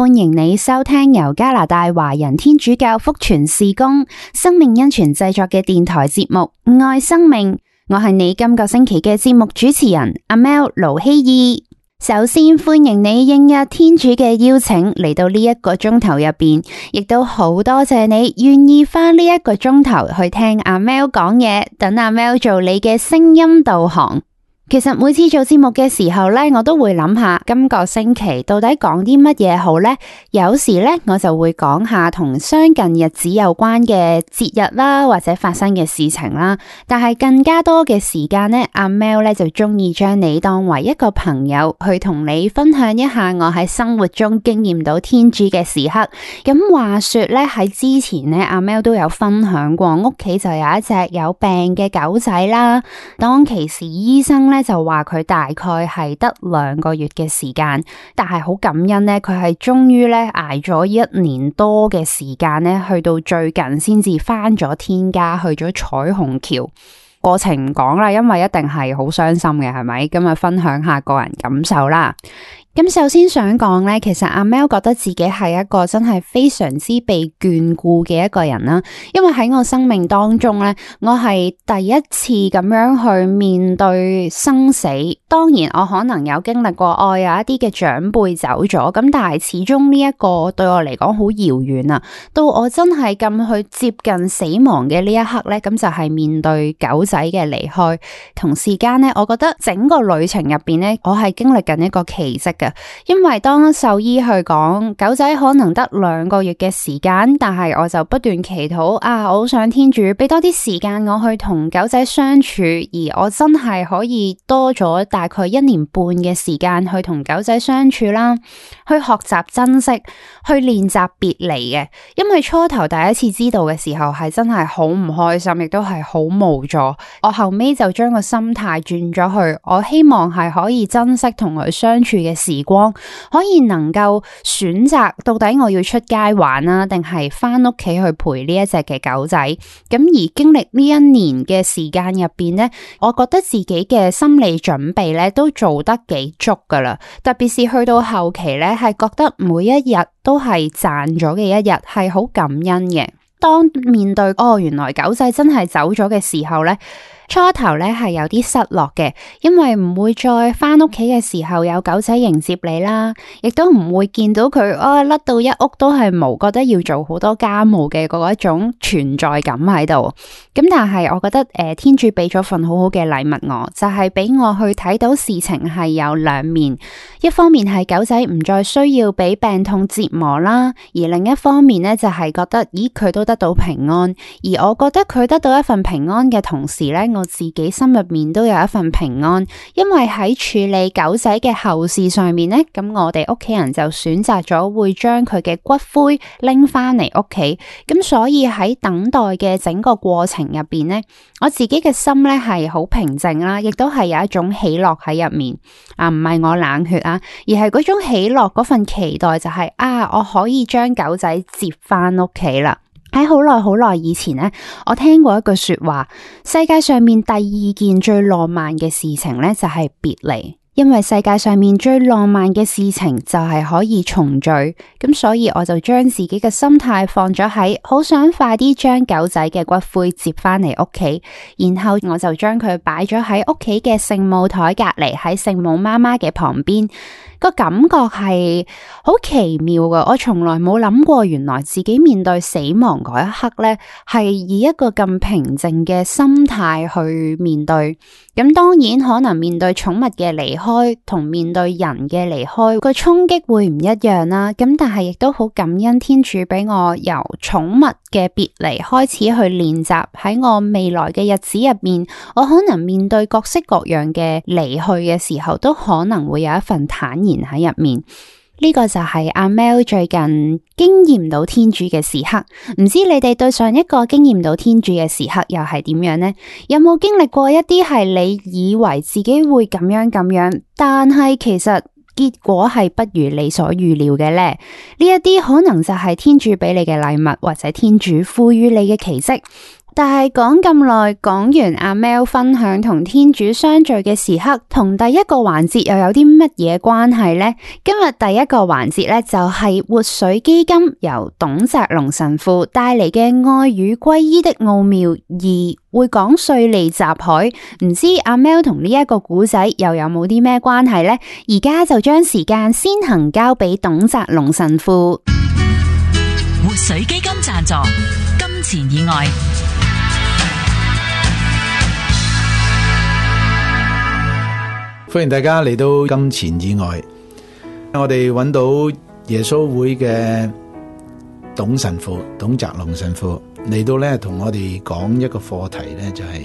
歡迎你收聽由加拿大華人天主教福傳事工生命恩泉製作嘅電台節目《愛生命》，我係你今個星期嘅節目主持人阿 Mel 盧希義。首先歡迎你應約天主嘅邀請嚟到呢一個鐘頭入邊，亦都好多謝你願意花呢一個鐘頭去聽阿 Mel 講嘢，等阿 Mel 做你嘅聲音導航。其實每次做節目嘅時候呢，我都會諗下今個星期到底講啲乜嘢好呢？有時呢，我就會講下同相近日子有關嘅節日啦，或者發生嘅事情啦。但係更加多嘅時間呢，阿 Mel 呢就中意將你當為一個朋友，去同你分享一下我喺生活中經驗到天主嘅時刻。咁話說呢，喺之前呢，阿 Mel 都有分享過屋企就有一隻有病嘅狗仔啦。當其時醫生呢。就話佢大概係得兩個月嘅時間，但係好感恩呢，佢係終於呢捱咗一年多嘅時間呢，去到最近先至返咗天家，去咗彩虹橋。過程唔講啦，因為一定係好傷心嘅，係咪？咁啊，分享下個人感受啦。咁首先想講咧，其實阿 Mel 覺得自己係一個真係非常之被眷顧嘅一個人啦。因為喺我生命當中咧，我係第一次咁樣去面對生死。當然，我可能有經歷過，愛、哦、有一啲嘅長輩走咗。咁但係始終呢一個對我嚟講好遙遠啊。到我真係咁去接近死亡嘅呢一刻咧，咁就係面對狗仔嘅離開。同時間咧，我覺得整個旅程入邊咧，我係經歷緊一個奇蹟嘅。因為當獸醫去講狗仔可能得兩個月嘅時間，但係我就不斷祈禱啊，我好想天主俾多啲時間我去同狗仔相處，而我真係可以多咗大概一年半嘅時間去同狗仔相處啦，去學習珍惜，去練習別離嘅。因為初頭第一次知道嘅時候係真係好唔開心，亦都係好無助。我後尾就將個心態轉咗去，我希望係可以珍惜同佢相處嘅時時光可以能夠選擇到底我要出街玩啦、啊，定係返屋企去陪呢一隻嘅狗仔？咁而經歷呢一年嘅時間入邊呢，我覺得自己嘅心理準備呢都做得幾足噶啦。特別是去到後期呢，係覺得每一日都係賺咗嘅一日，係好感恩嘅。當面對哦，原來狗仔真係走咗嘅時候呢。初頭咧係有啲失落嘅，因為唔會再返屋企嘅時候有狗仔迎接你啦，亦都唔會見到佢，我、哦、甩到一屋都係毛，覺得要做好多家務嘅嗰一種存在感喺度。咁但係我覺得誒、呃，天主俾咗份好好嘅禮物我，我就係、是、俾我去睇到事情係有兩面，一方面係狗仔唔再需要俾病痛折磨啦，而另一方面呢就係、是、覺得咦佢都得到平安，而我覺得佢得到一份平安嘅同時呢。我自己心入面都有一份平安，因為喺處理狗仔嘅後事上面呢，咁我哋屋企人就選擇咗會將佢嘅骨灰拎翻嚟屋企，咁所以喺等待嘅整個過程入邊呢，我自己嘅心呢係好平靜啦，亦都係有一種喜樂喺入面啊，唔係我冷血啊，而係嗰種喜樂嗰份期待就係啊，我可以將狗仔接翻屋企啦。喺好耐好耐以前呢，我聽過一句說話，世界上面第二件最浪漫嘅事情呢，就係別離，因為世界上面最浪漫嘅事情就係可以重聚，咁所以我就將自己嘅心態放咗喺好想快啲將狗仔嘅骨灰接返嚟屋企，然後我就將佢擺咗喺屋企嘅聖母台隔籬，喺聖母媽媽嘅旁邊。個感覺係好奇妙嘅，我從來冇諗過，原來自己面對死亡嗰一刻咧，係以一個咁平靜嘅心態去面對。咁當然可能面對寵物嘅離開同面對人嘅離開個衝擊會唔一樣啦。咁但係亦都好感恩天主俾我由寵物嘅別離開始去練習，喺我未來嘅日子入面，我可能面對各式各樣嘅離去嘅時候，都可能會有一份坦然。喺入面，呢個就係阿 Mel 最近經驗到天主嘅時刻。唔知你哋對上一個經驗到天主嘅時刻又係點樣呢？有冇經歷過一啲係你以為自己會咁樣咁樣，但係其實結果係不如你所預料嘅呢？呢一啲可能就係天主俾你嘅禮物，或者天主賦予你嘅奇蹟。但係講咁耐，講完阿 Mel 分享同天主相聚嘅時刻，同第一個環節又有啲乜嘢關係呢？今日第一個環節咧就係活水基金由董澤龍神父帶嚟嘅愛與歸依的奧妙二，會講碎利集海。唔知阿 Mel 同呢一個古仔又有冇啲咩關係呢？而家就將時間先行交俾董澤龍神父。活水基金贊助，金錢以外。歡迎大家嚟到金錢以外，我哋揾到耶穌會嘅董神父董澤龍神父嚟到咧，同我哋講一個課題咧，就係、是、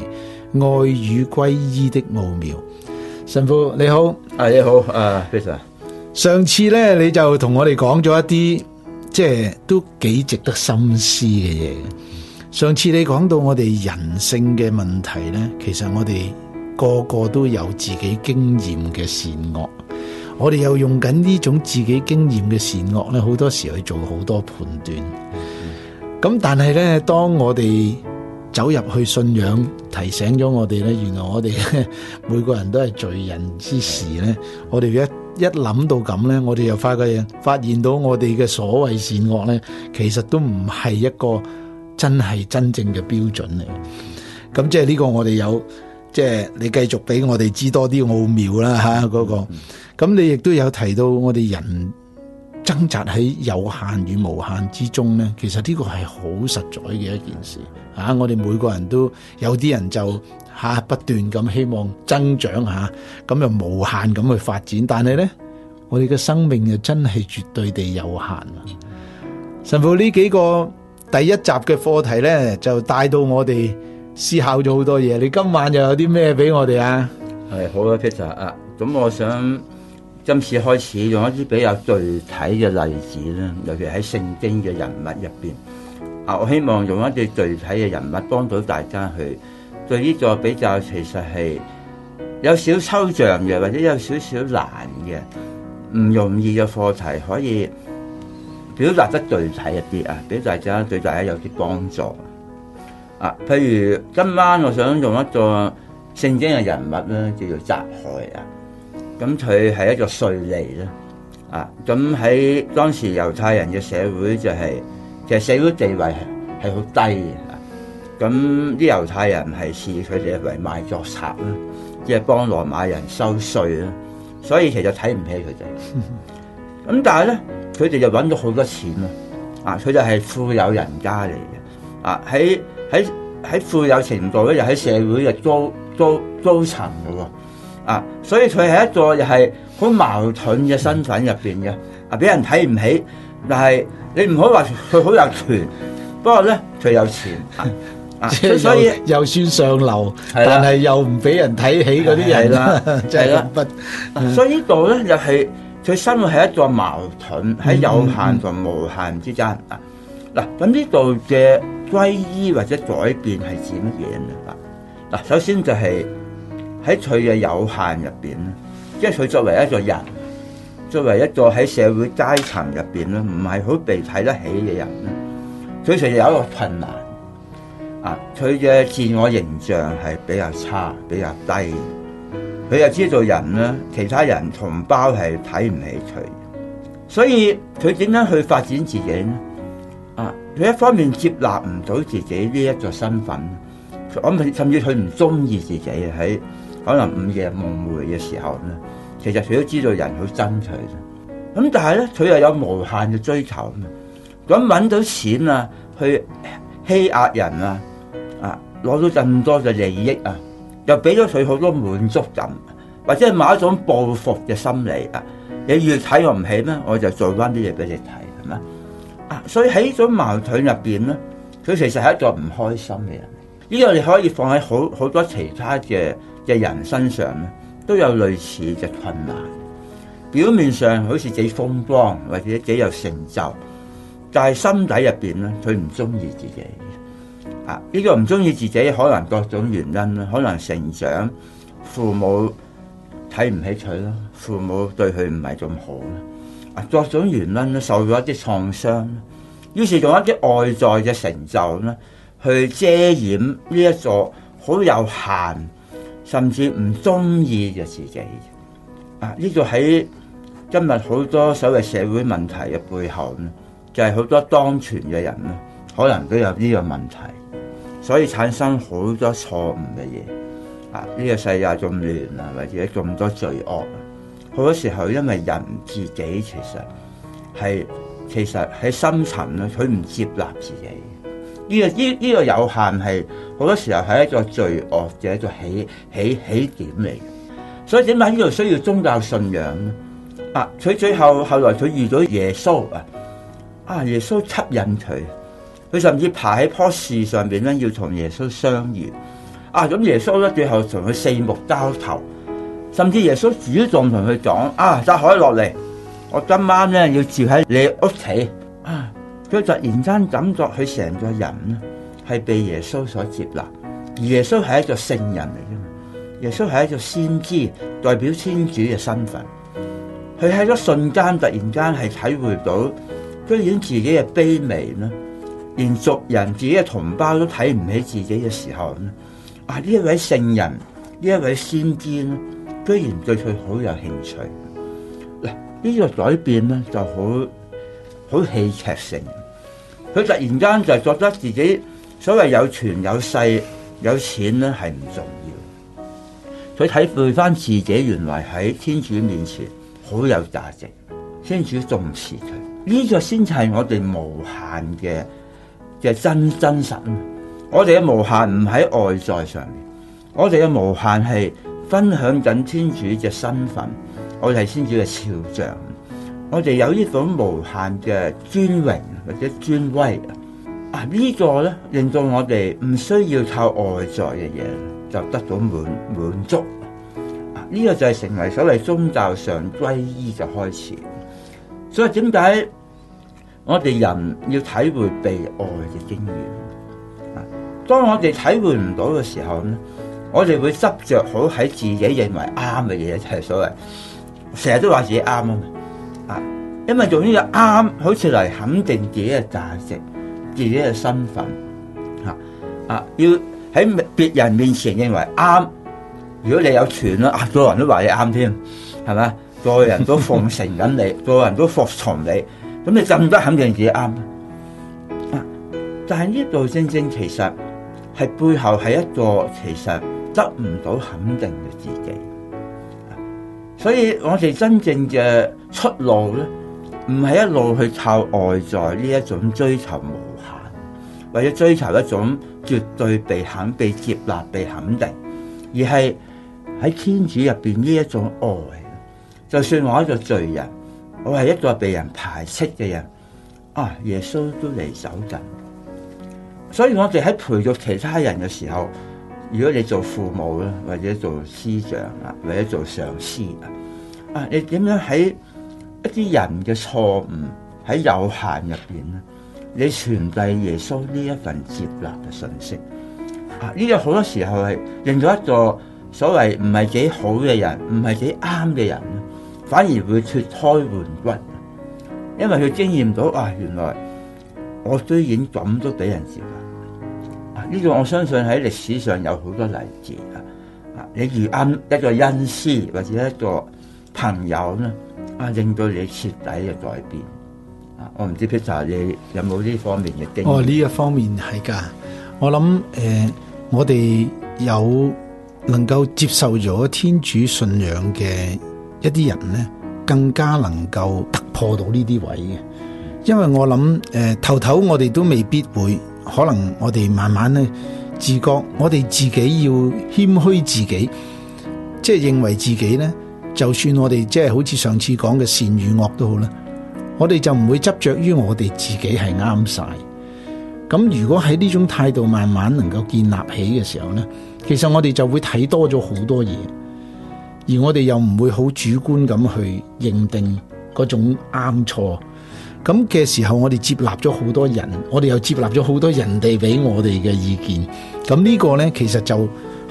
愛與歸依的奧妙。神父你好，係你、啊、好，誒、啊、Peter，上次咧你就同我哋講咗一啲，即係都幾值得深思嘅嘢。嗯、上次你講到我哋人性嘅問題咧，其實我哋。個個都有自己經驗嘅善惡，我哋又用緊呢種自己經驗嘅善惡咧，好多時去做好多判斷。咁但係咧，當我哋走入去信仰，提醒咗我哋咧，原來我哋每個人都係罪人之時咧，我哋一一諗到咁咧，我哋又發覺發現到我哋嘅所謂善惡咧，其實都唔係一個真係真正嘅標準嚟。咁即係呢個我哋有。即係你繼續俾我哋知多啲奧妙啦吓，嗰、啊嗰個咁你亦都有提到，我哋人掙扎喺有限與無限之中咧。其實呢個係好實在嘅一件事啊！我哋每個人都，有啲人就吓、啊、不斷咁希望增長吓，咁、啊、又無限咁去發展，但係咧，我哋嘅生命又真係絕對地有限。神父呢幾個第一集嘅課題咧，就帶到我哋。思考咗好多嘢，你今晚又有啲咩俾我哋啊？係好啊，Peter 啊，咁我想今次開始用一啲比較具體嘅例子啦，尤其喺聖經嘅人物入邊啊，我希望用一啲具體嘅人物，幫到大家去對呢個比較其實係有少抽象嘅，或者有少少難嘅，唔容易嘅課題可以表達得具體一啲啊，俾大家對大家有啲幫助。啊，譬如今晚我想用一個聖經嘅人物咧，叫做澤害啊。咁佢係一個稅吏。咧，啊，咁、嗯、喺當時猶太人嘅社會就係、是，其實社會地位係好低嘅。咁、啊、啲猶太人係視佢哋為賣作賊啦，即係幫羅馬人收稅啦、啊，所以其實睇唔起佢哋。咁、 嗯、但係咧，佢哋就搵到好多錢啊，啊，佢就係富有人家嚟嘅，啊喺。喺喺富有程度咧，又喺社會又租租租層嘅喎，啊，所以佢係一座又係好矛盾嘅身份入邊嘅，啊，俾人睇唔起，但係你唔可以話佢好有權。不過咧佢有錢，啊，所以，所以又，又算上流，是啦 但係又唔俾人睇起嗰啲嘢係啦，真係 不，所以呢度咧又係佢生活係一座矛盾喺有限同無限之間，嗱咁、嗯嗯嗯、呢度嘅。歸依或者改變係指乜嘢啊？嗱，首先就係喺佢嘅有限入邊咧，即係佢作為一個人，作為一個喺社會階層入邊咧，唔係好被睇得起嘅人咧，佢成日有一個困難啊，佢嘅自我形象係比較差、比較低，佢又知道人咧，其他人同胞係睇唔起佢，所以佢點樣去發展自己咧？佢一方面接納唔到自己呢一個身份，我甚至佢唔中意自己喺可能午夜夢迴嘅時候咧。其實佢都知道人好爭取，咁但係咧，佢又有無限嘅追求啊！咁揾到錢啊，去欺壓人啊，啊攞到咁多嘅利益啊，又俾咗佢好多滿足感，或者係某一種報復嘅心理啊！你越睇我唔起咩，我就做翻啲嘢俾你睇，係咪？啊！所以喺呢種矛盾入邊咧，佢其實係一個唔開心嘅人。呢個你可以放喺好好多其他嘅嘅人身上咧，都有類似嘅困難。表面上好似幾風光或者幾有成就，但係心底入邊咧，佢唔中意自己。啊！呢個唔中意自己，可能各種原因啦，可能成長父母睇唔起佢咯，父母對佢唔係咁好啦。各種原因咧，受咗一啲創傷，於是用一啲外在嘅成就咧，去遮掩呢一座好有限甚至唔中意嘅自己。啊！呢個喺今日好多所謂社會問題嘅背後咧，就係好多當權嘅人咧，可能都有呢個問題，所以產生好多錯誤嘅嘢。啊！呢個世界咁亂啊，或者咁多罪惡。好多時候因為人自己其實係其實係，深層啦，佢唔接納自己，呢個呢呢個有限係好多時候係一個罪惡嘅一個起起起點嚟，所以點解呢度需要宗教信仰咧？啊，佢最後後來佢遇咗耶穌啊，啊耶穌吸引佢，佢甚至爬喺棵樹上邊咧要同耶穌相遇，啊咁耶穌咧最後同佢四目交投。甚至耶穌主動同佢講：啊，撒海落嚟，我今晚咧要住喺你屋企啊！佢突然間感覺佢成個人咧係被耶穌所接納，而耶穌係一個聖人嚟噶嘛？耶穌係一個先知，代表天主嘅身份。佢喺一瞬間突然間係體會到居然自己嘅卑微咧，連族人自己嘅同胞都睇唔起自己嘅時候啊！呢一位聖人，呢一位先知。居然對佢好有興趣，嗱、這、呢個改變咧就好好戲劇性。佢突然間就覺得自己所謂有權有勢有錢咧係唔重要，佢體會返自己原來喺天主面前好有價值，天主重視佢。呢、這個先係我哋無限嘅嘅真真實。我哋嘅無限唔喺外在上面，我哋嘅無限係。分享緊天主嘅身份，我哋係天主嘅肖像，我哋有呢種無限嘅尊榮或者尊威。啊、這個、呢個咧令到我哋唔需要靠外在嘅嘢，就得到滿滿足。啊呢、這個就係成為所謂宗教上皈依嘅開始。所以點解我哋人要體會被愛嘅經驗？啊、當我哋體會唔到嘅時候咧？我哋會執着好喺自己認為啱嘅嘢，就係、係、所謂成日都話自己啱啊！因為做呢個啱，好似嚟肯定自己嘅價值、自己嘅身份嚇啊，啊！要喺別人面前認為啱，如果你有權啦，啊，個人都話你啱添，係咪啊？個人都奉承緊你，個 人都服從你，咁你更加肯定自己啱啊！但係呢度正正其實係背後係一個其實。得唔到肯定嘅自己，所以我哋真正嘅出路咧，唔係一路去靠外在呢一種追求無限，為咗追求一種絕對被肯、被接納、被肯定，而係喺天主入邊呢一種愛。就算我一個罪人，我係一個被人排斥嘅人，啊，耶穌都嚟走近。所以我哋喺陪住其他人嘅時候。如果你做父母啦，或者做師長啊，或者做上司啊，啊，你點樣喺一啲人嘅錯誤喺有限入邊咧，你傳遞耶穌呢一份接納嘅信息？啊，呢、這個好多時候係令到一個所謂唔係幾好嘅人，唔係幾啱嘅人，反而會脫胎換骨，因為佢經驗到啊，原來我居然咁都俾人接納。呢個我相信喺歷史上有好多例子啊！啊，你如恩一個恩師或者一個朋友咧，啊，令到你徹底嘅改變啊！我唔知 Peter 你有冇呢方面嘅經驗？哦，呢、這、一、個、方面係噶，我諗誒、呃，我哋有能夠接受咗天主信仰嘅一啲人咧，更加能夠突破到呢啲位嘅，嗯、因為我諗誒、呃，頭頭我哋都未必會。可能我哋慢慢咧自覺，我哋自己要謙虛自己，即係認為自己咧，就算我哋即係好似上次講嘅善與惡都好啦，我哋就唔會執着於我哋自己係啱晒。咁如果喺呢種態度慢慢能夠建立起嘅時候咧，其實我哋就會睇多咗好多嘢，而我哋又唔會好主觀咁去認定嗰種啱錯。咁嘅時候，我哋接納咗好多人，我哋又接納咗好多人哋俾我哋嘅意見。咁呢個咧，其實就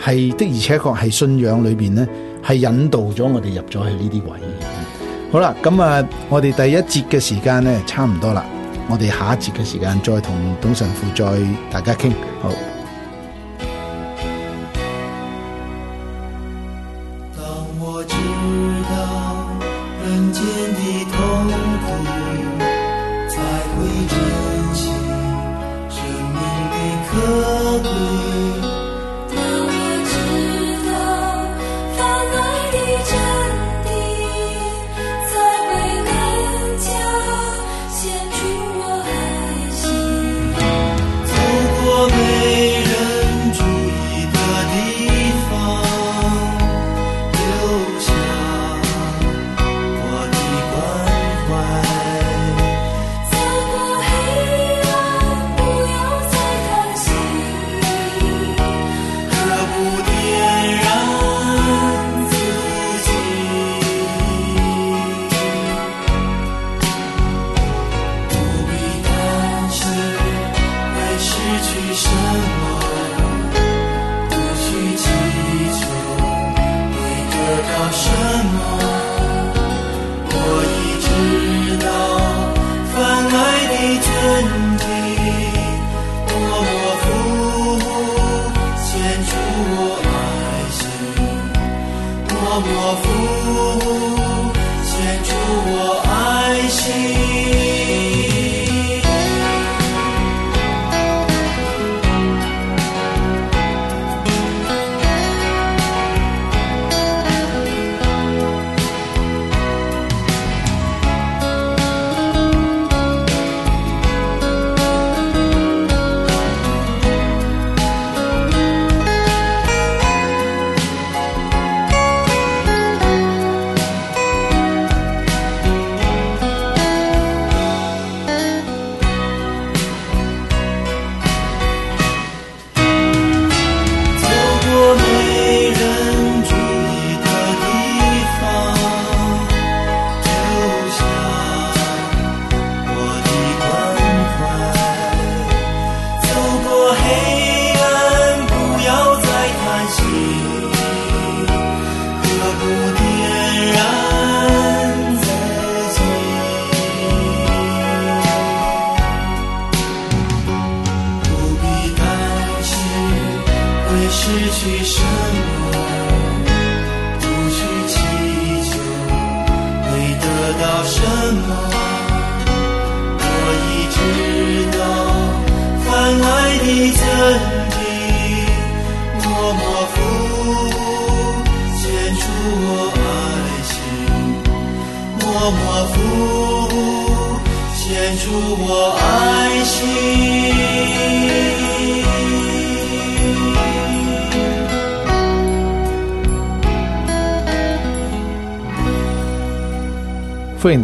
係、是、的而且確係信仰裏邊咧，係引導咗我哋入咗去呢啲位、嗯。好啦，咁啊，我哋第一節嘅時間咧，差唔多啦。我哋下一節嘅時間再同董神父再大家傾。好。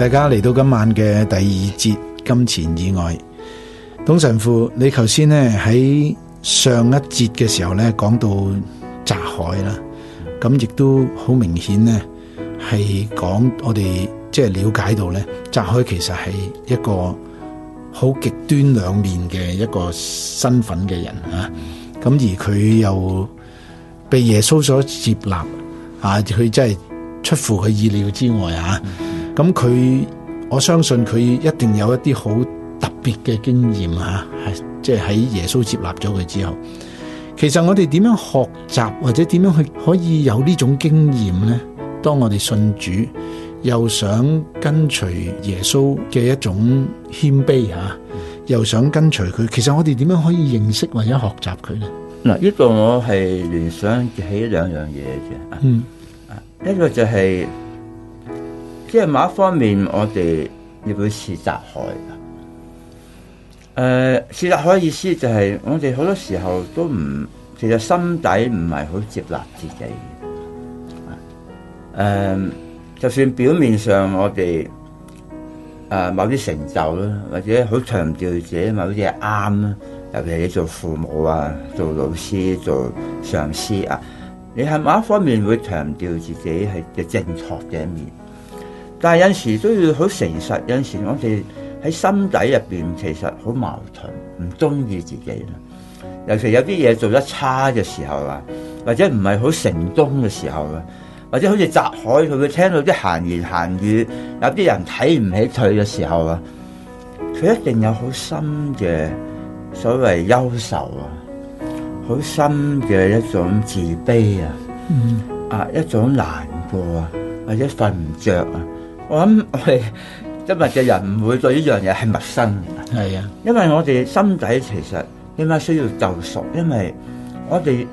大家嚟到今晚嘅第二節金錢以外，董神父，你頭先咧喺上一節嘅時候咧講到澤海啦，咁亦、嗯、都好明顯咧係講我哋即係了解到咧，澤海其實係一個好極端兩面嘅一個身份嘅人啊，咁、嗯、而佢又被耶穌所接納啊，佢真係出乎佢意料之外啊。嗯咁佢，我相信佢一定有一啲好特別嘅經驗吓，係即係喺耶穌接納咗佢之後。其實我哋點樣學習或者點樣去可以有呢種經驗咧？當我哋信主，又想跟隨耶穌嘅一種謙卑吓，又想跟隨佢。其實我哋點樣可以認識或者學習佢咧？嗱，呢個我係聯想起兩樣嘢嘅，嗯，一個就係。即係某一方面，我哋要會自責害。誒、呃，自責害嘅意思就係、是、我哋好多時候都唔，其實心底唔係好接納自己嘅、呃。就算表面上我哋誒、呃、某啲成就啦，或者好強調自己某啲嘢啱啦，尤其你做父母啊、做老師、做上司啊，你喺某一方面會強調自己係嘅正確嘅一面。但係有時都要好誠實，有時我哋喺心底入邊其實好矛盾，唔中意自己啦。尤其有啲嘢做得差嘅時候啊，或者唔係好成功嘅時候啊，或者好似澤海佢會聽到啲閒言閒語，有啲人睇唔起佢嘅時候啊，佢一定有好深嘅所謂憂愁啊，好深嘅一種自卑啊，啊一種難過啊，或者瞓唔着啊。我諗我哋今日嘅人唔會對呢樣嘢係陌生嘅，係啊，因為我哋心底其實點解需要救贖？因為我哋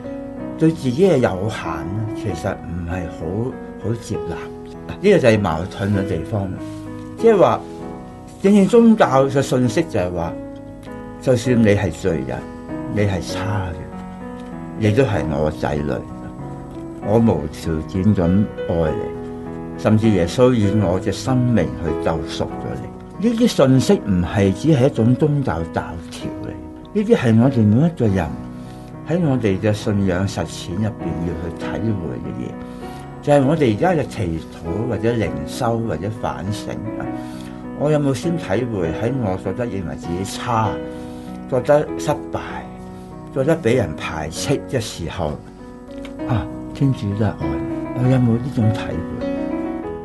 對自己嘅有限啊，其實唔係好好接納，呢個就係矛盾嘅地方。即係話，正正宗教嘅信息就係話，就算你係罪人，你係差嘅，你都係我仔女，我無條件咁愛你。甚至耶穌以我嘅生命去救贖咗你，呢啲信息唔係只係一種宗教教條嚟，呢啲係我哋每一個人喺我哋嘅信仰實踐入邊要去體會嘅嘢，就係、是、我哋而家嘅祈禱或者靈修或者反省啊，我有冇先體會喺我覺得認為自己差，覺得失敗，覺得俾人排斥嘅時候啊，天主都係愛我，我有冇呢種體會？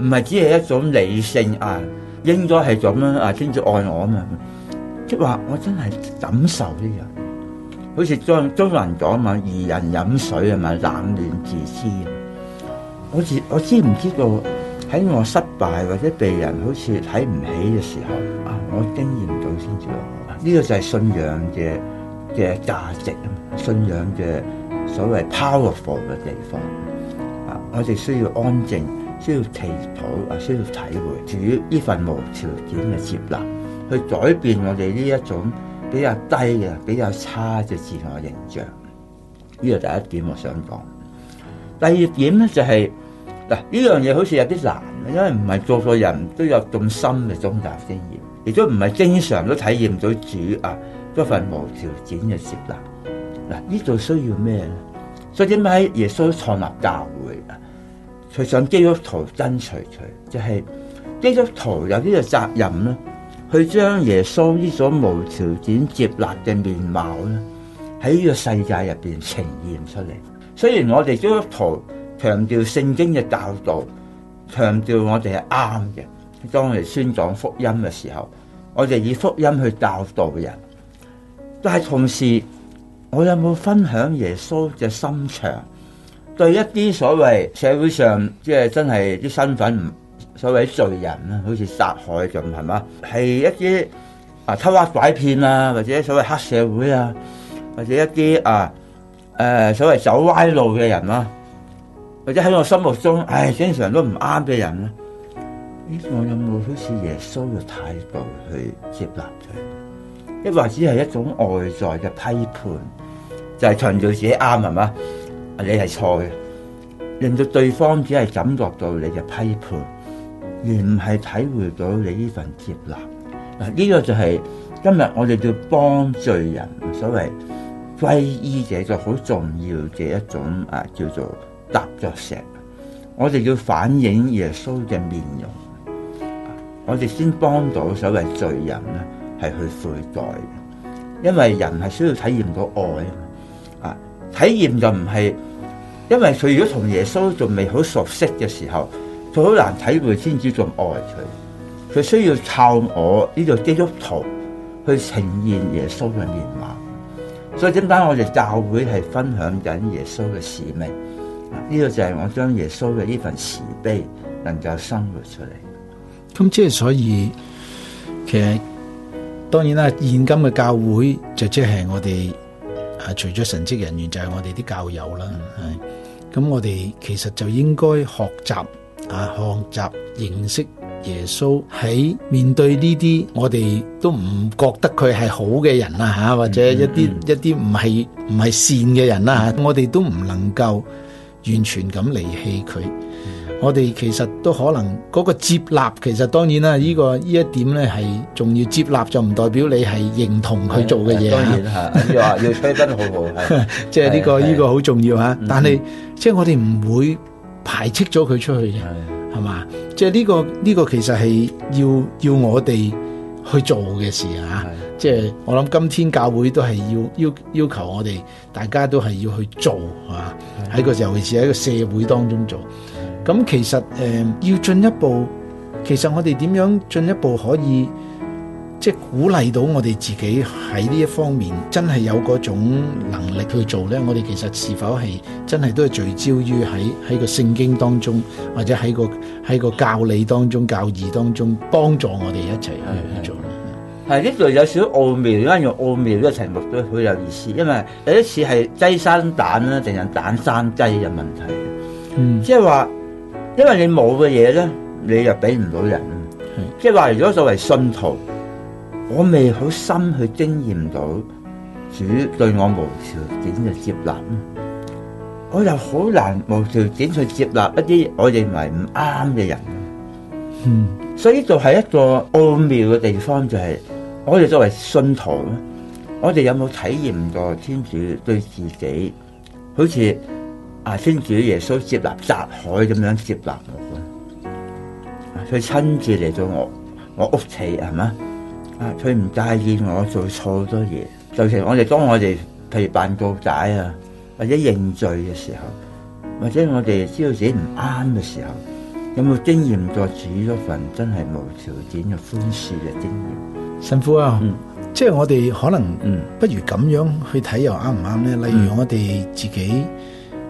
唔係只係一種理性啊，應該係咁樣啊，先至愛我啊嘛。即係話我真係感受呢樣，好似莊莊雲講啊嘛，二人飲水係嘛，冷暖自知啊？好似我知唔知道喺我失敗或者被人好似睇唔起嘅時候啊，我經驗到先至。呢個就係信仰嘅嘅價值啊，信仰嘅所謂 powerful 嘅地方啊。我哋需要安靜。需要祈禱啊，需要體會主呢份無條件嘅接納，去改變我哋呢一種比較低嘅、比較差嘅自我形象。呢個第一點我想講。第二點咧就係、是、嗱，呢樣嘢好似有啲難，因為唔係個個人都有咁深嘅宗教經驗，亦都唔係經常都體驗到主啊嗰份無條件嘅接納。嗱，呢度需要咩咧？所以點解喺耶穌創立教會。佢想基督徒真除除，就係基督徒有呢個責任咧，去將耶穌呢種無條件接納嘅面貌咧，喺呢個世界入邊呈現出嚟。雖然我哋基督徒強調聖經嘅教導，強調我哋係啱嘅，當我哋宣講福音嘅時候，我哋以福音去教導人。但係同時，我有冇分享耶穌嘅心腸？對一啲所謂社會上即係真係啲身份唔所謂罪人啦，好似殺害咁，係嘛，係一啲啊偷呃拐騙啊，或者所謂黑社會啊，或者一啲啊誒、呃、所謂走歪路嘅人啦、啊，或者喺我心目中，誒、哎、經常都唔啱嘅人啦、啊，咦、哎，我有冇好似耶穌嘅態度去接納佢？抑或只係一種外在嘅批判，就係尋找自己啱係嘛？你係錯嘅，令到對方只係感覺到你嘅批判，而唔係體會到你呢份接納。嗱，呢個就係今日我哋叫幫罪人，所謂歸依者，就好重要嘅一種啊，叫做踏着石。我哋要反映耶穌嘅面容，我哋先幫到所謂罪人咧，係去悔改。因為人係需要體驗到愛。體驗就唔係，因為佢如果同耶穌仲未好熟悉嘅時候，佢好難體會天主仲愛佢。佢需要靠我呢個基督徒去呈現耶穌嘅面貌。所以點解我哋教會係分享緊耶穌嘅使命？呢個就係我將耶穌嘅呢份慈悲能夠生活出嚟。咁即係所以，其實當然啦，現今嘅教會就即係我哋。係，除咗神職人員，就係、是、我哋啲教友啦。係，咁我哋其實就應該學習啊，學習認識耶穌。喺面對呢啲我哋都唔覺得佢係好嘅人啦，吓、啊、或者一啲、嗯嗯嗯、一啲唔係唔係善嘅人啦，吓、啊、我哋都唔能夠完全咁離棄佢。我哋其實都可能嗰、那個接納，其實當然啦、啊，呢、這個呢一點咧係重要接納，就唔代表你係認同佢做嘅嘢。當然啦， 要飛得好好，即係呢、這個呢是是 個好重要啊，但係即係我哋唔會排斥咗佢出去嘅，係嘛是的？即係呢、這個呢、這個其實係要要我哋去做嘅事啊。是的 即係我諗，今天教會都係要要要求我哋，大家都係要去做，係嘛？喺個時候，尤其是喺個社會當中做。 咁其實誒、呃、要進一步，其實我哋點樣進一步可以即係鼓勵到我哋自己喺呢一方面真係有嗰種能力去做咧？我哋其實是否係真係都係聚焦於喺喺個聖經當中，或者喺個喺個教理當中、教義當中幫助我哋一齊去做咧？係呢度有少少奧妙啦，因為用奧妙呢個題目都好有意思，因為有一次係雞生蛋啦，定係蛋生雞嘅問題，即係話。因為你冇嘅嘢咧，你又俾唔到人。嗯、即係話，如果作為信徒，我未好深去經驗到主對我無條件嘅接納，我又好難無條件去接納一啲我認為唔啱嘅人。嗯，所以呢度係一個奧妙嘅地方，就係、是、我哋作為信徒咧，我哋有冇體驗過天主對自己好似？啊！先主耶穌接納澤海咁樣接納我嘅，佢親自嚟到我我屋企係咪？啊！佢唔、啊、介意我做錯多嘢，就成我哋當我哋譬如辦告解啊，或者認罪嘅時候，或者我哋知道自己唔啱嘅時候，有冇經驗過主嗰份真係無條件嘅寬恕嘅經驗？神父啊！嗯、即係我哋可能不如咁樣去睇又啱唔啱咧？嗯嗯、例如我哋自己。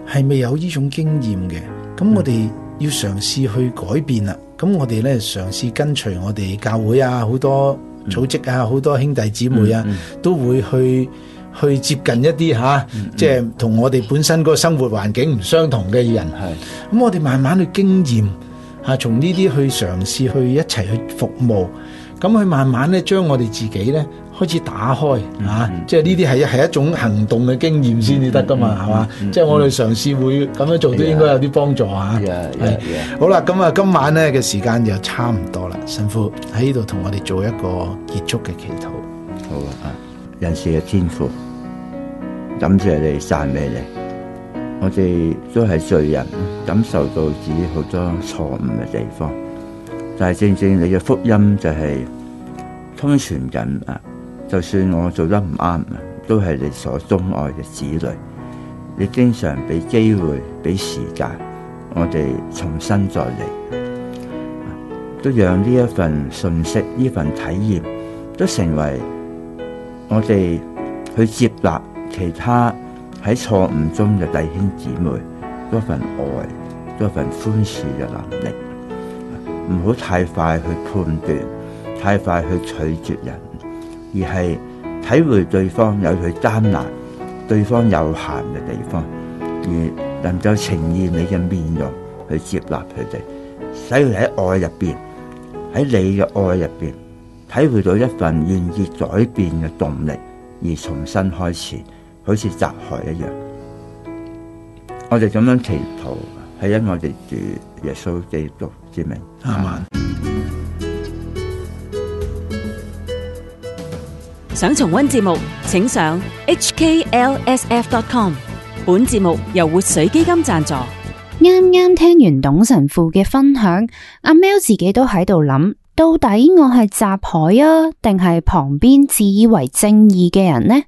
係未有呢種經驗嘅，咁我哋要嘗試去改變啦。咁我哋咧嘗試跟隨我哋教會啊，好多組織啊，嗯、好多兄弟姊妹啊，嗯嗯、都會去去接近一啲吓，啊嗯嗯、即係同我哋本身嗰個生活環境唔相同嘅人。咁是我哋慢慢去經驗吓、啊，從呢啲去嘗試去一齊去服務，咁去慢慢咧將我哋自己咧。開始打開、mm hmm. 啊，即係呢啲係係一種行動嘅經驗先至得噶嘛，係嘛、mm？Hmm. 吧即係我哋嘗試會咁樣做都應該有啲幫助 yeah. Yeah. Yeah. Yeah. 啊。好啦，咁、嗯、啊，今晚咧嘅時間就差唔多啦。神父喺呢度同我哋做一個結束嘅祈禱。好啊，啊，人事嘅天父，感謝你讚美你，我哋都係罪人，感受到自己好多錯誤嘅地方，但係正正你嘅福音就係通傳人啊。就算我做得唔啱，都係你所鍾愛嘅子女。你經常俾機會、俾時間，我哋重新再嚟，都讓呢一份信息、呢份體驗，都成為我哋去接納其他喺錯誤中嘅弟兄姊妹多份愛、多份寬恕嘅能力。唔好太快去判斷，太快去取決人。而係體會對方有佢艱難，對方有限嘅地方，而能夠呈現你嘅面容去接納佢哋，使佢喺愛入邊，喺你嘅愛入邊，體會到一份願意改變嘅動力，而重新開始，好似雜海一樣。我哋咁樣祈禱，係因我哋主耶穌基督之名。阿們。想重温節目，請上 hklsf.com。本節目由活水基金讚助。啱啱聽完董神父嘅分享，阿喵、啊、自己都喺度諗：到底我係匝凱啊，定係旁邊自以為正義嘅人呢？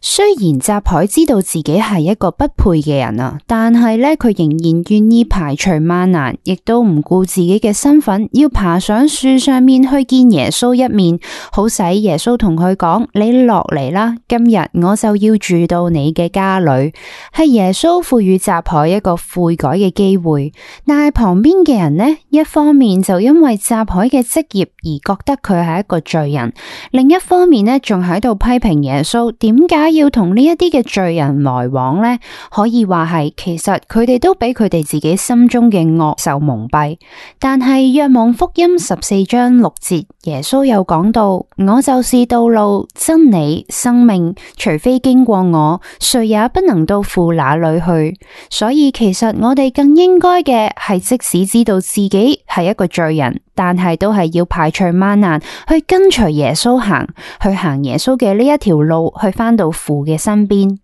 雖然匝凱知道自己係一個不配嘅人啊，但係呢，佢仍然願意排除萬難，亦都唔顧自己嘅身份，要爬上樹上面去見耶穌一面，好使耶穌同佢講：你落嚟，啦，今日我就要住到你嘅家裏。係耶穌賦予匝凱一個悔改嘅機會，但係旁邊嘅人呢，一方面就因為匝凱嘅職業而覺得佢係一個罪人，另一方面呢，仲喺度批評耶穌點解要同呢一啲嘅罪人來往呢？可以話係，其實佢哋都俾佢哋自己心中嘅惡受蒙蔽。但係《若望福音》十四章六節，耶穌又講到：我就是道路、真理、生命，除非經過我，誰也不能到父那裏去。所以其實我哋更應該嘅係，即使知道自己係一個罪人，但係都係要排除萬難去跟隨耶穌行，去行耶穌嘅呢一條路，去返到父嘅身邊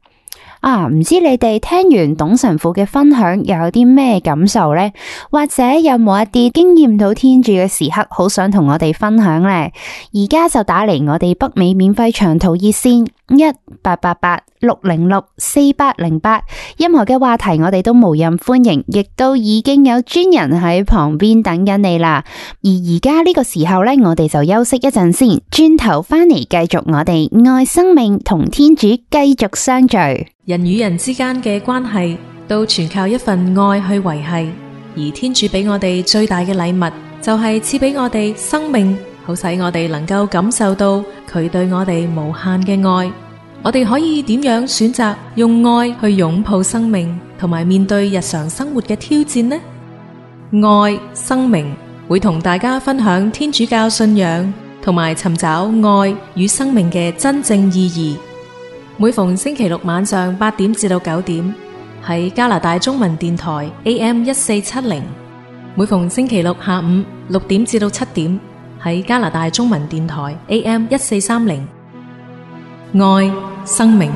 啊，唔知你哋聽完董神父嘅分享，又有啲咩感受呢？或者有冇一啲經驗到天主嘅時刻，好想同我哋分享呢？而家就打嚟我哋北美免費長途熱線。一八八八六零六四八零八，任何嘅話題我哋都無任歡迎，亦都已經有專人喺旁邊等緊你啦。而而家呢個時候咧，我哋就休息一陣先，轉頭翻嚟繼續我哋愛生命同天主繼續相聚。人與人之間嘅關係都全靠一份愛去維繫，而天主俾我哋最大嘅禮物就係賜俾我哋生命。好使我哋能夠感受到佢對我哋無限嘅愛，我哋可以點樣選擇用愛去擁抱生命，同埋面對日常生活嘅挑戰呢？愛生命會同大家分享天主教信仰，同埋尋找愛與生命嘅真正意義。每逢星期六晚上八點至到九點，喺加拿大中文電台 AM 一四七零；每逢星期六下午六點至到七點。喺加拿大中文電台 AM 一四三零，愛生命。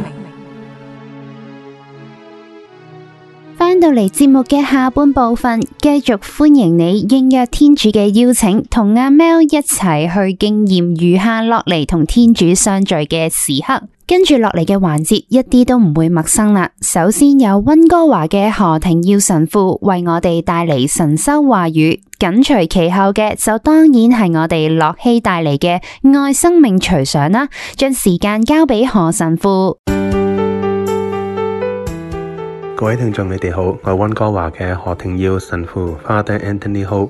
翻到嚟節目嘅下半部分，繼續歡迎你應約天主嘅邀請，同阿 Mel 一齊去經驗餘下落嚟同天主相聚嘅時刻。跟住落嚟嘅環節一啲都唔會陌生啦。首先有溫哥華嘅何庭耀神父為我哋帶嚟神修話語，緊隨其後嘅就當然係我哋駱曦帶嚟嘅愛生命隨想啦。將時間交俾何神父。各位聽眾，你哋好，我係溫哥華嘅何庭耀神父 Father Anthony Ho，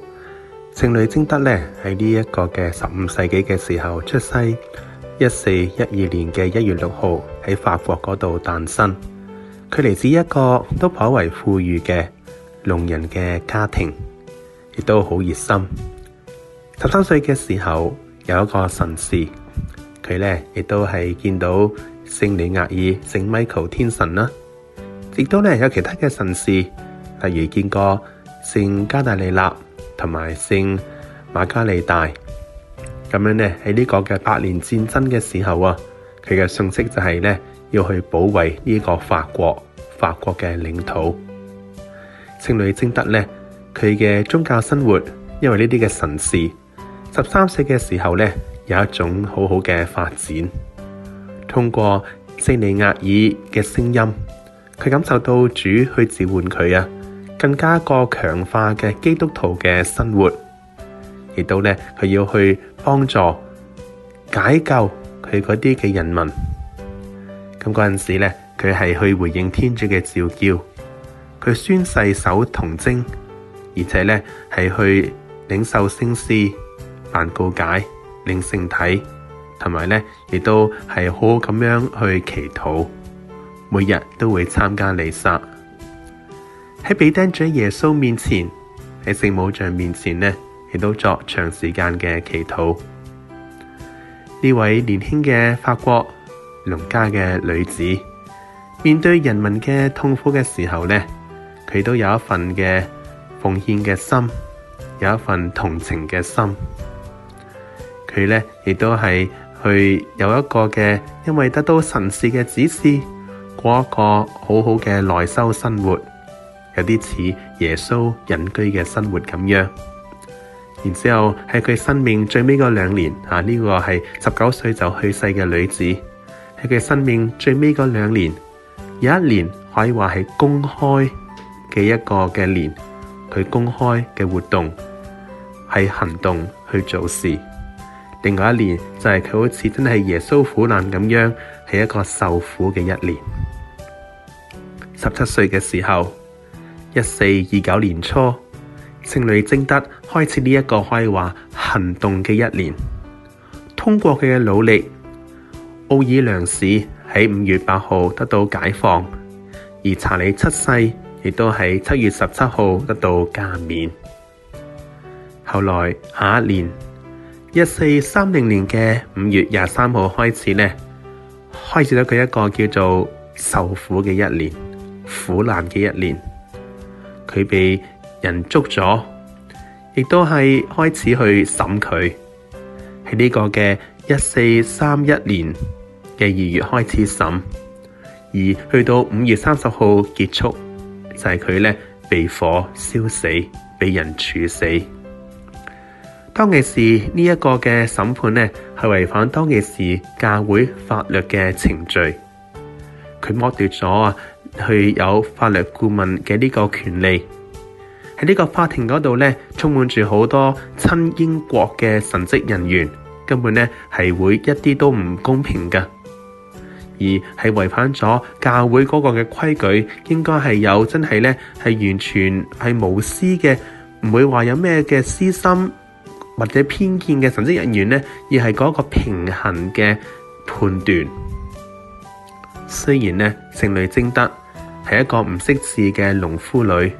聖女貞德呢，喺呢一個嘅十五世紀嘅時候出世。一四一二年嘅一月六號喺法國嗰度誕生，佢嚟自一個都頗為富裕嘅農人嘅家庭，亦都好熱心。十三歲嘅時候有一個神視，佢咧亦都係見到聖彌額爾聖 Michael 天神啦，啊，亦都咧有其他嘅神視，例如見過聖加大利納同埋聖瑪加利大。咁樣咧喺呢個嘅百年戰爭嘅時候啊，佢嘅信息就係咧要去保衛呢個法國，法國嘅領土。聖女貞德咧，佢嘅宗教生活，因為呢啲嘅神事，十三歲嘅時候咧有一種好好嘅發展。通過聖尼厄爾嘅聲音，佢感受到主去召喚佢啊，更加個強化嘅基督徒嘅生活。亦都咧，佢要去幫助解救佢嗰啲嘅人民。咁嗰陣時咧，佢係去回應天主嘅召叫，佢宣誓守童貞，而且咧係去領受聖師辦告解、領聖體，同埋咧亦都係好好咁樣去祈禱，每日都會參加彌撒，喺俾釘咗耶穌面前，喺聖母像面前咧。亦都作長時間嘅祈禱。呢位年輕嘅法國農家嘅女子，面對人民嘅痛苦嘅時候呢，佢都有一份嘅奉獻嘅心，有一份同情嘅心。佢呢亦都係去有一個嘅，因為得到神師嘅指示，過一個好好嘅內修生活，有啲似耶穌隱居嘅生活咁樣。然之後喺佢生命最尾嗰兩年，吓、啊、呢、這個係十九歲就去世嘅女子，喺佢生命最尾嗰兩年，有一年可以話係公開嘅一個嘅年，佢公開嘅活動，係行動去做事；，另外一年就係、是、佢好似真係耶穌苦難咁樣，係一個受苦嘅一年。十七歲嘅時候，一四二九年初。聖女貞德開始呢一個開話行動嘅一年，通過佢嘅努力，奧爾良市喺五月八號得到解放，而查理七世亦都喺七月十七號得到加冕。後來下一年，一四三零年嘅五月廿三號開始呢，開始咗佢一個叫做受苦嘅一年，苦難嘅一年，佢被。人捉咗，亦都係開始去審佢，喺呢個嘅一四三一年嘅二月開始審，而去到五月三十號結束，就係佢咧被火燒死，被人處死。當其時呢一個嘅審判咧係違反當其時教會法律嘅程序，佢剝奪咗啊去有法律顧問嘅呢個權利。喺呢個法庭嗰度呢，充滿住好多親英國嘅神職人員，根本呢係會一啲都唔公平㗎，而係違反咗教會嗰個嘅規矩。應該係有真係呢，係完全係無私嘅，唔會話有咩嘅私心或者偏見嘅神職人員呢，而係嗰個平衡嘅判斷。雖然呢，聖女貞德係一個唔識字嘅農夫女。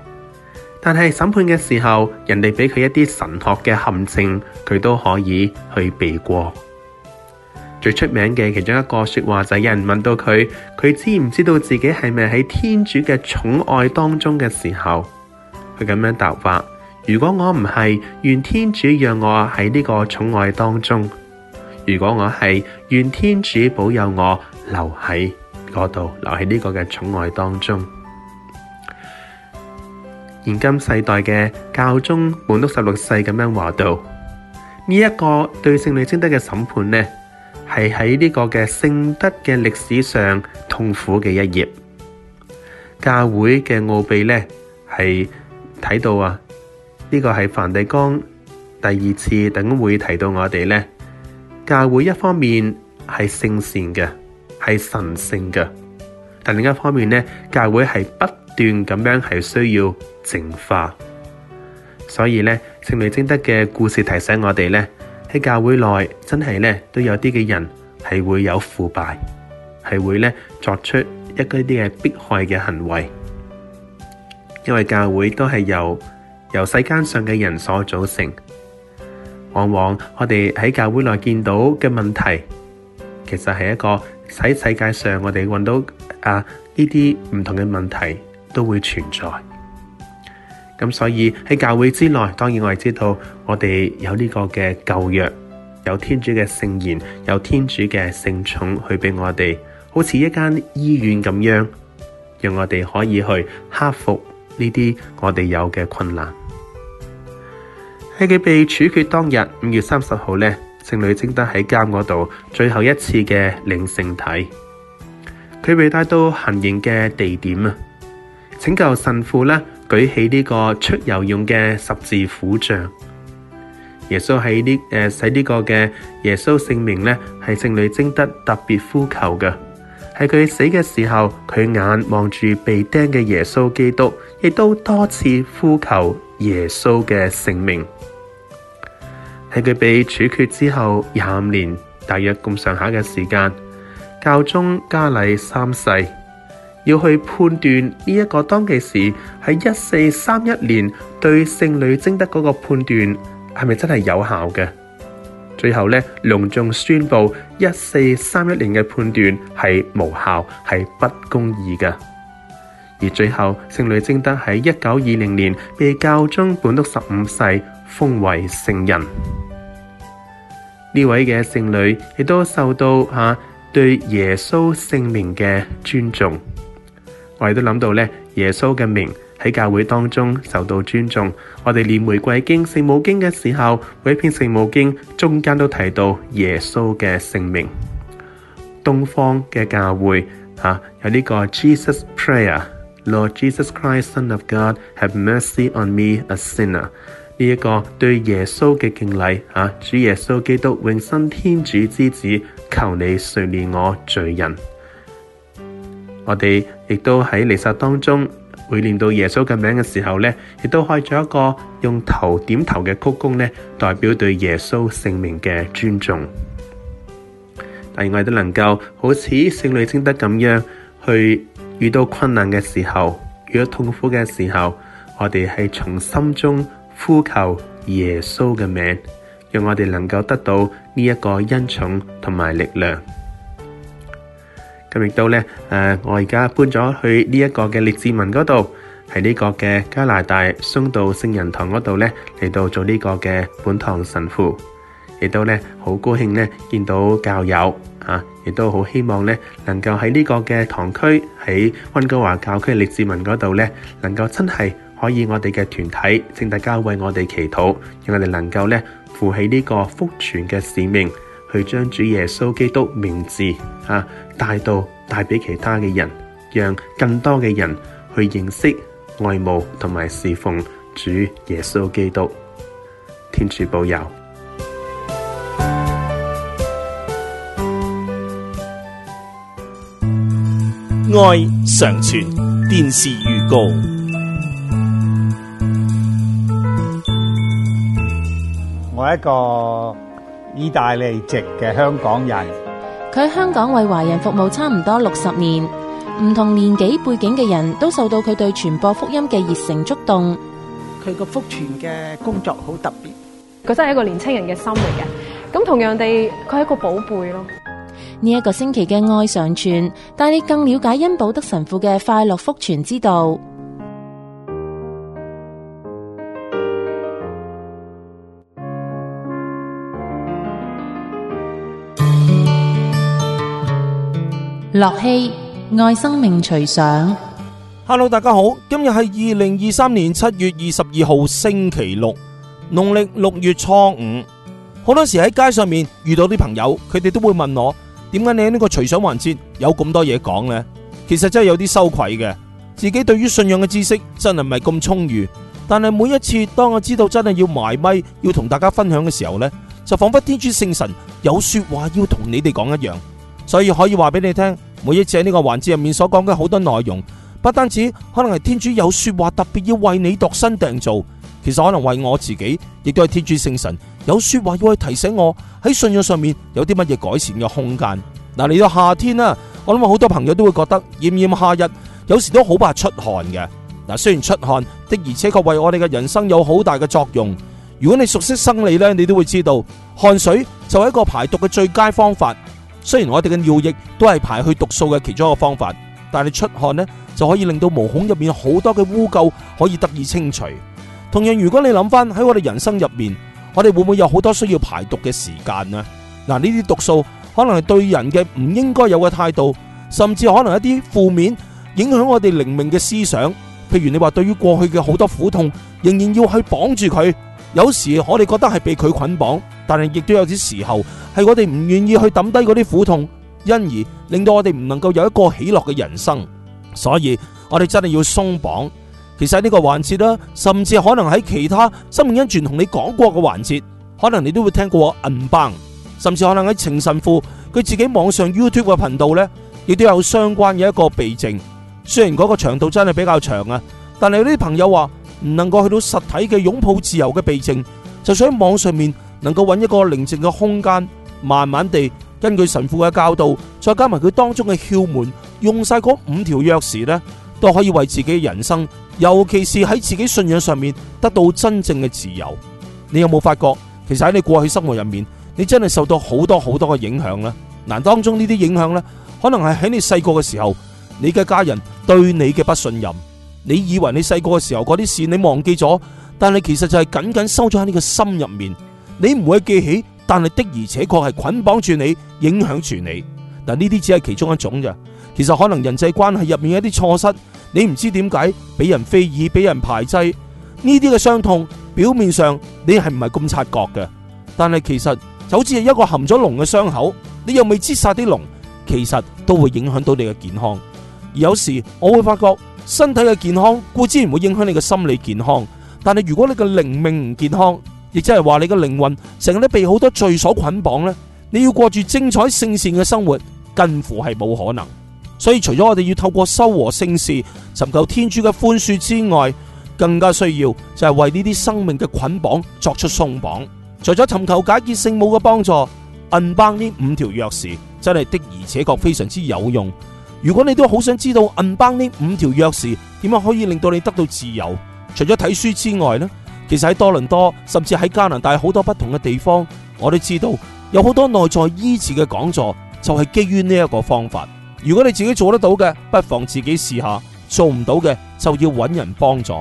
但係審判嘅時候，人哋俾佢一啲神學嘅陷阱，佢都可以去避過。最出名嘅其中一個說話就係，有人問到佢，佢知唔知道自己係咪喺天主嘅寵愛當中嘅時候，佢咁樣答法：「如果我唔係，願天主讓我喺呢個寵愛當中；如果我係，願天主保佑我留喺嗰度，留喺呢個嘅寵愛當中。」現今世代嘅教宗本篤十六世咁樣話道：呢、這、一個對聖女貞德嘅審判呢，係喺呢個嘅聖德嘅歷史上痛苦嘅一頁。教會嘅奧秘呢，係睇到啊，呢、這個係梵蒂岡第二次大會提到我哋呢，教會一方面係聖善嘅，係神聖嘅，但另一方面呢，教會係不。斷咁樣係需要淨化，所以咧聖美貞德嘅故事提醒我哋咧喺教會內真係咧都有啲嘅人係會有腐敗，係會咧作出一啲嘅迫害嘅行為，因為教會都係由由世間上嘅人所組成，往往我哋喺教會內見到嘅問題，其實係一個使世界上我哋搵到啊呢啲唔同嘅問題。都會存在咁，所以喺教會之內，當然我係知道我哋有呢個嘅舊約，有天主嘅聖言，有天主嘅聖寵去俾我哋，好似一間醫院咁樣，讓我哋可以去克服呢啲我哋有嘅困難。喺佢 被處決當日，五月三十號呢，聖女貞德喺監嗰度最後一次嘅領聖體，佢被帶到行刑嘅地點啊。請求神父呢，舉起呢個出遊用嘅十字苦杖。耶穌喺呢誒呢個嘅耶穌聖名呢，係聖女貞德特別呼求嘅，係佢死嘅時候，佢眼望住被釘嘅耶穌基督，亦都多次呼求耶穌嘅聖名。係佢被處決之後廿五年，大約咁上下嘅時間，教宗加禮三世。要去判斷呢一個當其時喺一四三一年對聖女貞德嗰個判斷係咪真係有效嘅？最後咧，隆重宣佈一四三一年嘅判斷係無效，係不公義嘅。而最後聖女貞德喺一九二零年被教宗本篤十五世封為聖人。呢位嘅聖女亦都受到嚇、啊、對耶穌聖名嘅尊重。我哋都諗到咧，耶穌嘅名喺教會當中受到尊重。我哋念玫瑰經、聖母經嘅時候，每一篇聖母經中間都提到耶穌嘅姓名。東方嘅教會吓、啊、有呢個 Jesus Prayer，Lord Jesus Christ，Son of God，Have mercy on me，a sinner。呢、這、一個對耶穌嘅敬禮吓、啊，主耶穌基督永生天主之子，求你垂憐我罪人。我哋。亦都喺彌撒當中會念到耶穌嘅名嘅時候咧，亦都開咗一個用頭點頭嘅鞠躬咧，代表對耶穌聖名嘅尊重。但我哋都能夠好似聖女貞德咁樣，去遇到困難嘅時候，遇到痛苦嘅時候，我哋係從心中呼求耶穌嘅名，讓我哋能夠得到呢一個恩寵同埋力量。咁亦都咧，誒，我而家搬咗去呢一個嘅列治文嗰度，喺呢個嘅加拿大殉道聖人堂嗰度咧嚟到做呢個嘅本堂神父，亦都咧好高興咧見到教友嚇，亦都好希望咧能夠喺呢個嘅堂區喺溫哥華教區嘅列治文嗰度咧能夠真係可以我哋嘅團體，請大家為我哋祈禱，讓我哋能夠咧負起呢個福傳嘅使命。去將主耶穌基督名字吓、啊、帶到，帶俾其他嘅人，讓更多嘅人去認識、愛慕同埋侍奉主耶穌基督。天主保佑。愛常存。電視預告。我一個。意大利籍嘅香港人，佢喺香港為華人服務差唔多六十年，唔同年紀背景嘅人都受到佢對傳播福音嘅熱誠觸動。佢個福傳嘅工作好特別，佢真係一個年青人嘅心嚟嘅。咁同樣地，佢係一個寶貝咯。呢一個星期嘅愛上傳，帶你更了解恩保德神父嘅快樂福傳之道。駱曦愛生命隨想，Hello，大家好，今日係二零二三年七月二十二號星期六，農曆六月初五。好多時喺街上面遇到啲朋友，佢哋都會問我，「點解你喺呢個隨想環節有咁多嘢講呢？」其實真係有啲羞愧嘅，自己對於信仰嘅知識真係唔係咁充裕。但係每一次當我知道真係要埋咪要同大家分享嘅時候呢，就仿佛天主聖神有說話要同你哋講一樣，所以可以話俾你聽。每一次喺呢個環節入面所講嘅好多內容，不單止可能係天主有說話，特別要為你度身訂造，其實可能為我自己，亦都係天主聖神有說話要去提醒我喺信仰上面有啲乜嘢改善嘅空間。嗱，嚟到夏天啦，我諗好多朋友都會覺得炎炎夏日，有時都好怕出汗嘅。嗱，雖然出汗的而且確為我哋嘅人生有好大嘅作用，如果你熟悉生理呢，你都會知道汗水就係一個排毒嘅最佳方法。雖然我哋嘅尿液都係排去毒素嘅其中一個方法，但係出汗呢就可以令到毛孔入面好多嘅污垢，可以得以清除。同樣，如果你諗翻喺我哋人生入面，我哋會唔會有好多需要排毒嘅時間呢？嗱，呢啲毒素可能係對人嘅唔應該有嘅態度，甚至可能一啲負面影響我哋靈命嘅思想。譬如你話對於過去嘅好多苦痛，仍然要去綁住佢。有時我哋覺得係被佢捆綁，但係亦都有啲時候係我哋唔願意去抌低嗰啲苦痛，因而令到我哋唔能夠有一個喜樂嘅人生。所以我哋真係要鬆綁。其實呢個環節啦，甚至可能喺其他生命恩泉同你講過嘅環節，可能你都會聽過銀棒，甚至可能喺情神父佢自己網上 YouTube 嘅頻道呢，亦都有相關嘅一個備證。雖然嗰個長度真係比較長啊，但係有啲朋友話。唔能夠去到實體嘅擁抱自由嘅避靜，就想喺網上面能夠揾一個寧靜嘅空間，慢慢地根據神父嘅教導，再加埋佢當中嘅竅門，用晒嗰五條鑰匙呢，都可以為自己嘅人生，尤其是喺自己信仰上面得到真正嘅自由。你有冇發覺，其實喺你過去生活入面，你真係受到好多好多嘅影響呢？嗱，當中呢啲影響呢，可能係喺你細個嘅時候，你嘅家人對你嘅不信任。你以為你細個嘅時候嗰啲事，你忘記咗，但係其實就係緊緊收咗喺你個心入面，你唔會記起，但係的而且確係捆綁住你，影響住你。但，呢啲只係其中一種咋，其實可能人際關係入面一啲錯失，你唔知點解俾人非議，俾人排擠呢啲嘅傷痛，表面上你係唔係咁察覺嘅，但係其實就好似係一個含咗龍嘅傷口，你又未知殺啲龍，其實都會影響到你嘅健康。而有時我會發覺。身體嘅健康固然會影響你嘅心理健康，但係如果你嘅靈命唔健康，亦即係話你嘅靈魂成日都被好多罪所捆綁呢，你要過住精彩聖善嘅生活，近乎係冇可能。所以除咗我哋要透過修和聖事尋求天主嘅寬恕之外，更加需要就係為呢啲生命嘅捆綁作出鬆綁。除咗尋求解結聖母嘅幫助，Unbound 呢五條鑰匙真係的，的而且確非常之有用。如果你都好想知道銀邦呢五條鑰匙點樣可以令到你得到自由，除咗睇書之外呢其實喺多倫多甚至喺加拿大好多不同嘅地方，我都知道有好多內在醫治嘅講座，就係基於呢一個方法。如果你自己做得到嘅，不妨自己試下；做唔到嘅就要揾人幫助。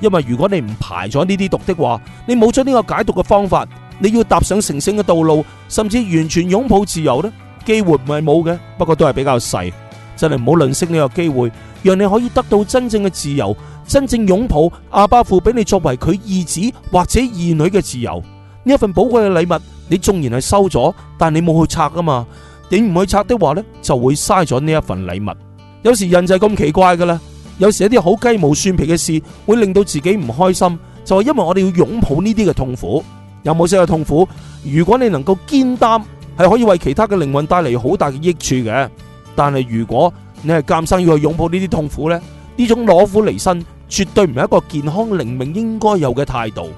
因為如果你唔排咗呢啲毒的話，你冇咗呢個解毒嘅方法，你要踏上成聖嘅道路，甚至完全擁抱自由咧，機會唔係冇嘅。不過都係比較細。真係唔好吝嗇呢個機會，讓你可以得到真正嘅自由，真正擁抱阿巴父俾你作為佢義子或者義女嘅自由。呢一份寶貴嘅禮物，你縱然係收咗，但你冇去拆啊嘛。你唔去拆的話呢，就會嘥咗呢一份禮物。有時人就係咁奇怪噶啦，有時一啲好雞毛蒜皮嘅事會令到自己唔開心，就係因為我哋要擁抱呢啲嘅痛苦。有某些嘅痛苦，如果你能夠肩擔，係可以為其他嘅靈魂帶嚟好大嘅益處嘅。但係，如果你係監生要去擁抱呢啲痛苦呢，呢種攞苦離身絕對唔係一個健康靈命應該有嘅態度。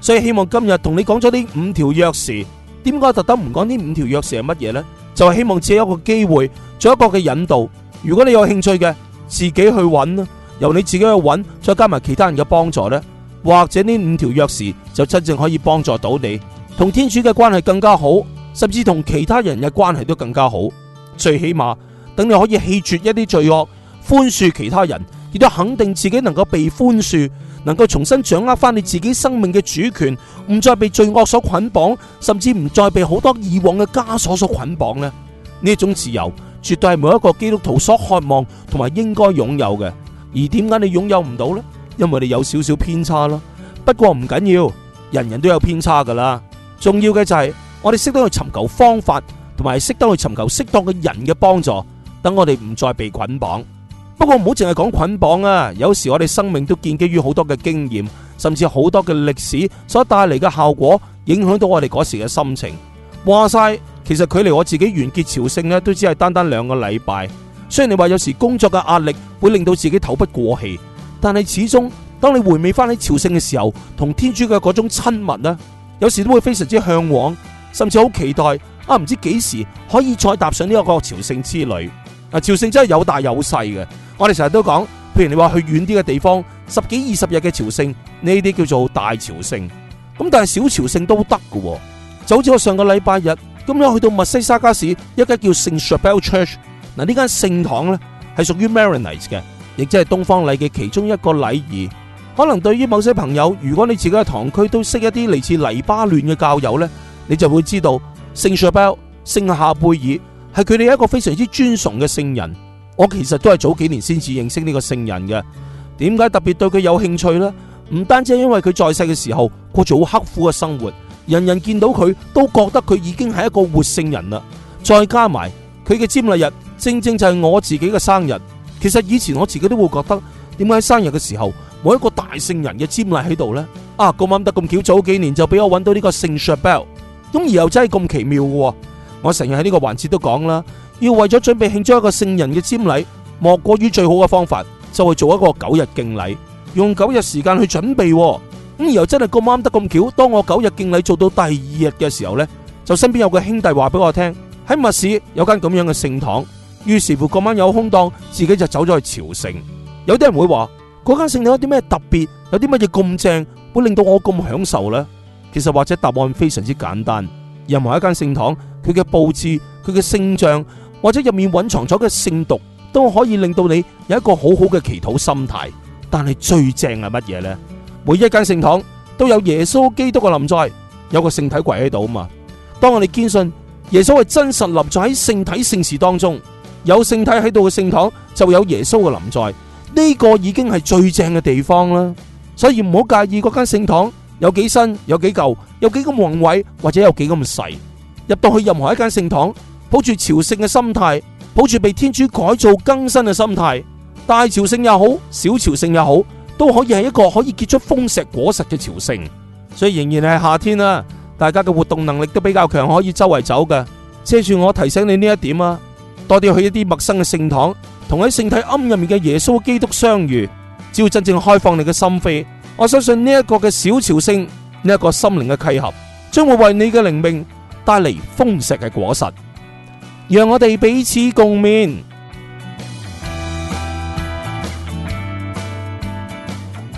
所以希望今日同你講咗呢五條鑰匙，點解特登唔講呢五條鑰匙係乜嘢呢？就係、是、希望借一個機會，做一個嘅引導。如果你有興趣嘅，自己去揾啦，由你自己去揾，再加埋其他人嘅幫助呢，或者呢五條鑰匙就真正可以幫助到你，同天主嘅關係更加好，甚至同其他人嘅關係都更加好。最起碼。等你可以棄絕一啲罪惡，寬恕其他人，亦都肯定自己能夠被寬恕，能夠重新掌握翻你自己生命嘅主權，唔再被罪惡所捆綁，甚至唔再被好多以往嘅枷鎖所捆綁咧。呢一種自由，絕對係每一個基督徒所渴望同埋應該擁有嘅。而點解你擁有唔到呢？因為你有少少偏差咯。不過唔緊要，人人都有偏差噶啦。重要嘅就係我哋識得去尋求方法，同埋識得去尋求適當嘅人嘅幫助。等我哋唔再被捆綁，不過唔好淨係講捆綁啊。有時我哋生命都建基於好多嘅經驗，甚至好多嘅歷史所帶嚟嘅效果，影響到我哋嗰時嘅心情。話晒，其實距離我自己完結朝聖呢，都只係單單兩個禮拜。雖然你話有時工作嘅壓力會令到自己透不過氣，但係始終當你回味翻起朝聖嘅時候，同天主嘅嗰種親密呢，有時都會非常之嚮往，甚至好期待啊！唔知幾時可以再踏上呢一個朝聖之旅。啊！朝聖真係有大有細嘅，我哋成日都講，譬如你話去遠啲嘅地方，十幾二十日嘅朝聖，呢啲叫做大朝聖。咁但係小朝聖都得㗎，就好似我上個禮拜日咁樣去到墨西沙加市，一間叫聖 Shabelle Church。嗱，呢間聖堂咧係屬於 Maronite 嘅，亦即係東方禮嘅其中一個禮儀。可能對於某些朋友，如果你自己嘅堂區都識一啲嚟自黎巴嫩嘅教友咧，你就會知道聖 Shabelle 聖夏貝爾。係佢哋一個非常之尊崇嘅聖人，我其實都係早幾年先至認識呢個聖人嘅。點解特別對佢有興趣呢？唔單止係因為佢在世嘅時候過住好刻苦嘅生活，人人見到佢都覺得佢已經係一個活聖人啦。再加埋佢嘅瞻禮日，正正就係我自己嘅生日。其實以前我自己都會覺得，點解喺生日嘅時候冇一個大聖人嘅瞻禮喺度呢？啊，咁啱得咁巧，早幾年就俾我揾到呢個聖 Charbel，咁而又真係咁奇妙嘅。我成日喺呢個環節都講啦，要為咗準備慶祝一個聖人嘅瞻禮，莫過於最好嘅方法就會做一個九日敬禮，用九日時間去準備。咁而又真係咁啱得咁巧，當我九日敬禮做到第二日嘅時候呢，就身邊有個兄弟話俾我聽，喺密市有間咁樣嘅聖堂。於是乎，嗰晚有空檔，自己就走咗去朝聖。有啲人會話，嗰間聖堂有啲咩特別，有啲乜嘢咁正，會令到我咁享受呢？其實或者答案非常之簡單。任何一間聖堂，佢嘅佈置、佢嘅聖像，或者入面隱藏咗嘅聖髑，都可以令到你有一個好好嘅祈禱心態。但係最正係乜嘢呢？每一間聖堂都有耶穌基督嘅臨在，有個聖體櫃喺度啊嘛。當我哋堅信耶穌係真實臨在喺聖體聖事當中，有聖體喺度嘅聖堂，就有耶穌嘅臨在。呢個已經係最正嘅地方啦。所以唔好介意嗰間聖堂。有幾新，有幾舊，有幾咁宏偉，或者有幾咁細，入到去任何一間聖堂，抱住朝聖嘅心態，抱住被天主改造更新嘅心態，大朝聖也好，小朝聖也好，都可以係一個可以結出豐碩果實嘅朝聖。所以仍然係夏天啦，啊，大家嘅活動能力都比較強，可以周圍走嘅。借住我提醒你呢一點啊，多啲去一啲陌生嘅聖堂，同喺聖體龕入面嘅耶穌基督相遇，只要真正開放你嘅心扉。我相信呢一個嘅小朝聖，呢、這、一個心靈嘅契合，將會為你嘅靈命帶嚟豐碩嘅果實。讓我哋彼此共勉。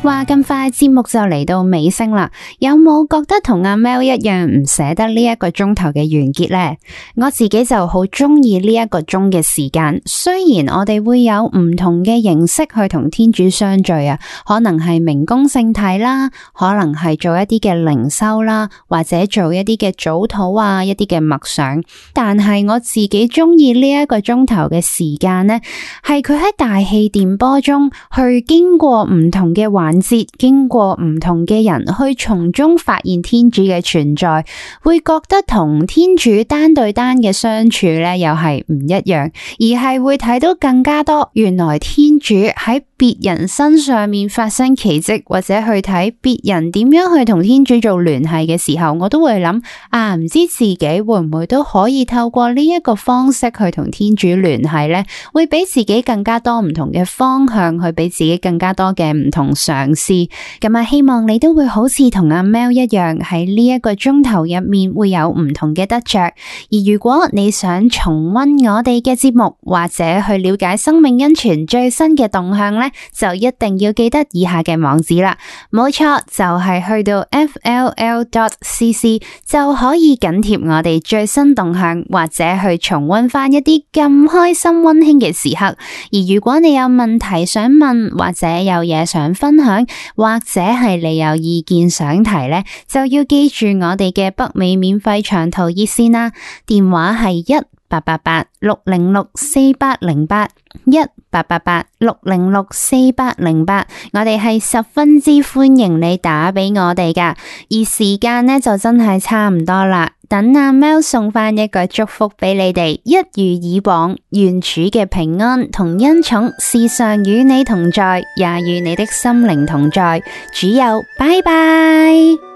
話咁快，節目就嚟到尾聲啦。有冇覺得同阿喵一樣唔捨得呢一個鐘頭嘅完結呢？我自己就好中意呢一個鐘嘅時間。雖然我哋會有唔同嘅形式去同天主相聚啊，可能係明供聖體啦，可能係做一啲嘅靈修啦，或者做一啲嘅早禱啊，一啲嘅默想。但係我自己中意呢一個鐘頭嘅時間呢，係佢喺大氣電波中去經過唔同嘅環境。節，經過唔同嘅人去從中發現天主嘅存在，會覺得同天主單對單嘅相處咧，又係唔一樣，而係會睇到更加多，原來天主喺別人身上面發生奇跡，或者去睇別人點樣去同天主做聯繫嘅時候，我都會諗啊，唔知自己會唔會都可以透過呢一個方式去同天主聯繫呢？會俾自己更加多唔同嘅方向，去俾自己更加多嘅唔同嘗試。咁啊，希望你都會好似同阿 Mel 一樣，喺呢一個鐘頭入面會有唔同嘅得着。而如果你想重溫我哋嘅節目，或者去了解生命恩泉最新嘅動向呢。就一定要記得以下嘅網址啦，冇錯，就係去到 fll.cc 就可以緊貼我哋最新動向，或者去重温翻一啲咁開心溫馨嘅時刻。而如果你有問題想問，或者有嘢想分享，或者係你有意見想提呢，就要記住我哋嘅北美免費長途熱線啦，電話係一。八八八六零六四八零八一八八八六零六四八零八，8, 8, 我哋係十分之歡迎你打畀我哋噶，而時間呢就真係差唔多啦。等阿喵送返一句祝福畀你哋，一如以往，願主嘅平安同恩寵時常與你同在，也與你的心靈同在，主佑，拜拜。